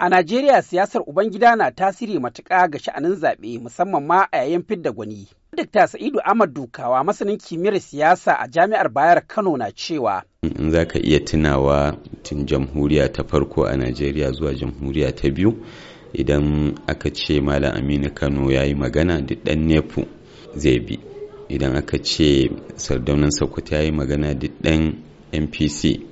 A Najeriya siyasar Ubangida na tasiri matuƙa ga sha'anin zaɓe musamman ma a yayin fidda gwani. Dokta Sa'idu Ahmad Dukawa masanin kimiyyar siyasa a Jami'ar Bayar Kano na cewa. In za ka iya tunawa tun jamhuriya ta farko a Najeriya zuwa jamhuriya ta biyu idan aka ce Malam Aminu Kano ya yi magana duk ɗan nefu zai bi. Idan aka ce Sardaunan Sokoto ya yi magana duk ɗan NPC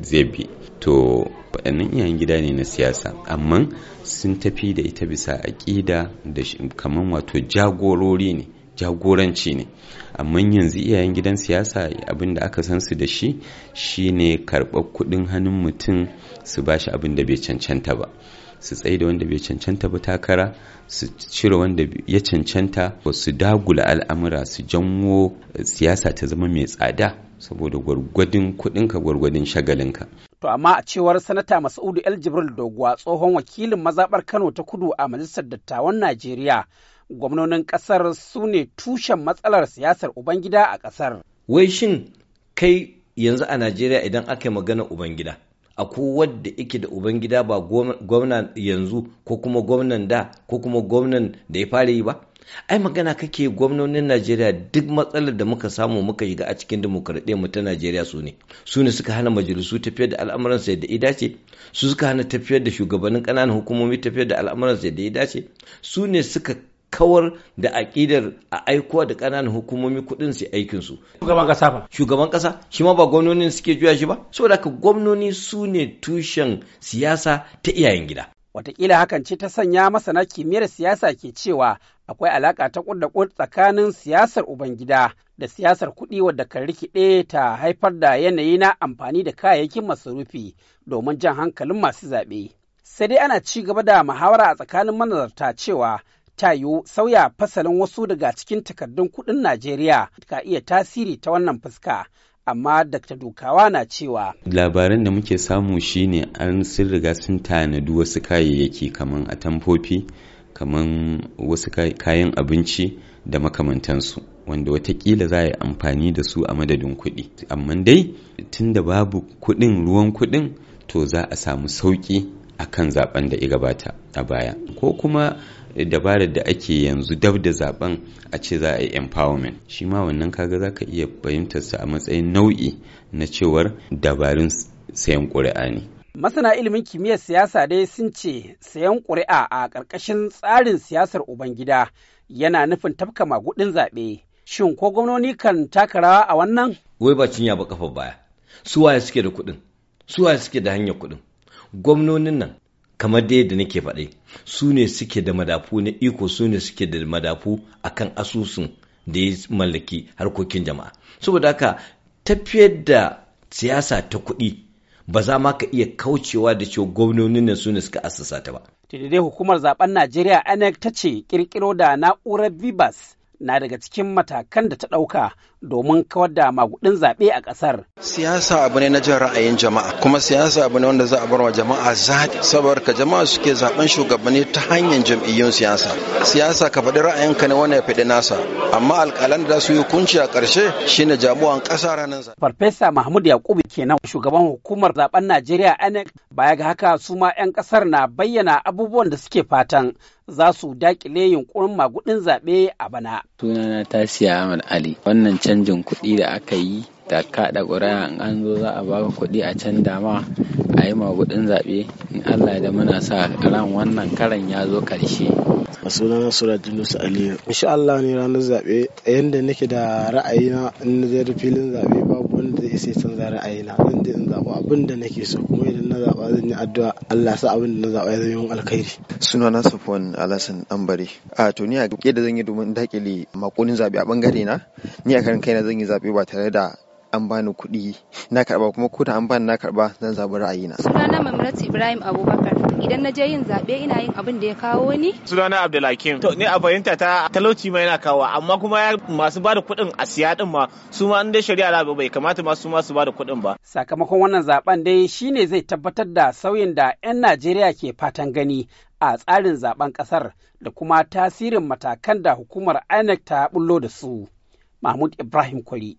zai bi. To waɗannan iyayen gida ne na siyasa amma sun tafi da ita bisa aƙida da kamar wato jagorori ne jagoranci ne amma yanzu iyayen gidan siyasa abin da aka san su da shi shine karɓar kuɗin hannun mutum su ba shi abin da bai cancanta ba su tsaye da wanda bai cancanta ba takara su cire wanda ya cancanta su dagula al'amura su janwo siyasa ta zama mai tsada saboda gwargwadin kuɗinka gwargwadin shagalinka To amma a cewar Sanata Mas'udu El Jibril Doguwa tsohon wakilin mazaɓar Kano ta kudu a Majalisar Dattawan Najeriya, gwamnonin ƙasar su ne tushen matsalar siyasar Ubangida a ƙasar. Wai shin kai yanzu a Najeriya idan aka yi magana Ubangida, a wadda yake da Ubangida ba gwamnan yanzu ko kuma gwamnan da ko kuma gwamnan da ya fara yi ba? ai magana kake gwamnonin najeriya duk matsalar da muka samu muka yi a cikin demokradiyyar mu ta najeriya su ne su ne suka hana majalisu tafiyar da al'amuran yadda ya dace su suka hana tafiyar da shugabannin ƙananan hukumomi tafiyar da al'amuran yadda ya dace su ne suka kawar da aƙidar a aikowa da ƙananan hukumomi kuɗin su aikin su shugaban ƙasa ba shugaban ƙasa shi ma ba gwamnonin suke juya shi ba saboda haka gwamnoni su ne tushen siyasa ta iyayen gida Wataƙila hakan ce ta sanya masana kimiyyar siyasa ke cewa akwai alaƙa ta da ƙud tsakanin siyasar Ubangida da siyasar kuɗi wadda kan rikide ta haifar da yanayi na amfani da kayayyakin masarufi domin jan hankalin masu zaɓe. Sai dai ana ci gaba da muhawara a tsakanin manazarta cewa ta yiwu sauya fasalin wasu daga cikin takardun kuɗin Najeriya ka iya tasiri ta wannan fuska. amma dakta Dukawa na cewa labaran da muke samu shine an sun riga sun tanadu wasu kayayyaki kamar atamfofi kaman wasu kayan abinci da makamantansu wanda watakila za a yi amfani da su a madadin kuɗi amma dai tunda babu kuɗin ruwan kuɗin to za a samu sauƙi akan zaben da ya gabata a baya ko kuma dabarar da ake yanzu dab da zaben a ce za a yi empowerment shi ma wannan kaga za ka iya fahimtarsa a matsayin nau'i na cewar dabarun sayan ƙuri'a ne masana ilimin kimiyyar siyasa dai sun ce sayan ƙuri'a a ƙarƙashin tsarin siyasar ubangida yana nufin tafka magudin zaɓe shin ko gwamnoni kan taka rawa a wannan wai ba cinya ba kafa baya su waye suke da kuɗin su waye suke da hanyar kuɗin gwamnonin nan kamar dai da nake faɗi su ne suke da madafu na iko su ne suke da madafu a kan asusun da ya mallaki harkokin jama'a saboda haka tafiyar da siyasa ta kuɗi ba za ma ka iya kaucewa da cewa gwamnonin nan su ne suka asasa ta ba. Tididai hukumar zaben Najeriya INEC ta ce kirkiro da na'urar Vibas na daga cikin matakan da ta ɗauka domin kawar da magudin zaɓe a ƙasar. Siyasa abu ne na jin ra'ayin jama'a kuma siyasa abu ne wanda za a bar wa jama'a zaɓi saboda jama'a suke zaɓen shugabanni ta hanyar jam'iyyun siyasa. Siyasa ka faɗi ra'ayinka ne wanda ya faɗi nasa amma alƙalan da su yi hukunci a ƙarshe shine jamuwan ƙasa ranar zaɓe. Farfesa Mahmud Yakubu kenan shugaban hukumar zaɓen Najeriya INEC baya ga haka su ma 'yan ƙasar na bayyana abubuwan da suke fatan za su dakile yunkurin magudin zaɓe a bana. Sunana Tasiya Ahmad Ali, wannan canjin kuɗi da aka yi da kaɗa ƙuri'a in an zo za a baka kuɗi a can dama a yi magudin zaɓe in Allah da muna sa ran wannan karan ya zo ƙarshe. a sunana surajin nusa aliyu insha ne ranar zaɓe yadda nake da ra'ayi na in zai filin zaɓe ba wanda a yi na zan je in zaɓa abin da nake so kuma idan na zaɓa zan yi addu'a Allah sa abin da na zaɓa ya zama yin alkhairi. Sunana Safwan an Ambare. A to ni a yadda zan yi domin dakile makonin zaɓe a bangare na ni a karin kaina zan yi zaɓe ba tare da an bani kuɗi na karɓa kuma ko da an bani na karɓa zan zaɓi ra'ayina. Sunana Mamratu Ibrahim Abubakar idan na je yin zaɓe ina yin abin da ya kawo ni. Sunana Abdulhakim to ne a fahimta ta talauci ma yana kawo amma kuma masu bada kuɗin a siya din ma su ma in dai shari'a na bai kamata ma su ma su bada kuɗin ba. Sakamakon wannan zaɓen dai shine zai tabbatar da sauyin da 'yan Najeriya ke fatan gani a tsarin zaɓen ƙasar da kuma tasirin matakan da hukumar INEC ta bullo da su. Mahmud Ibrahim Kwari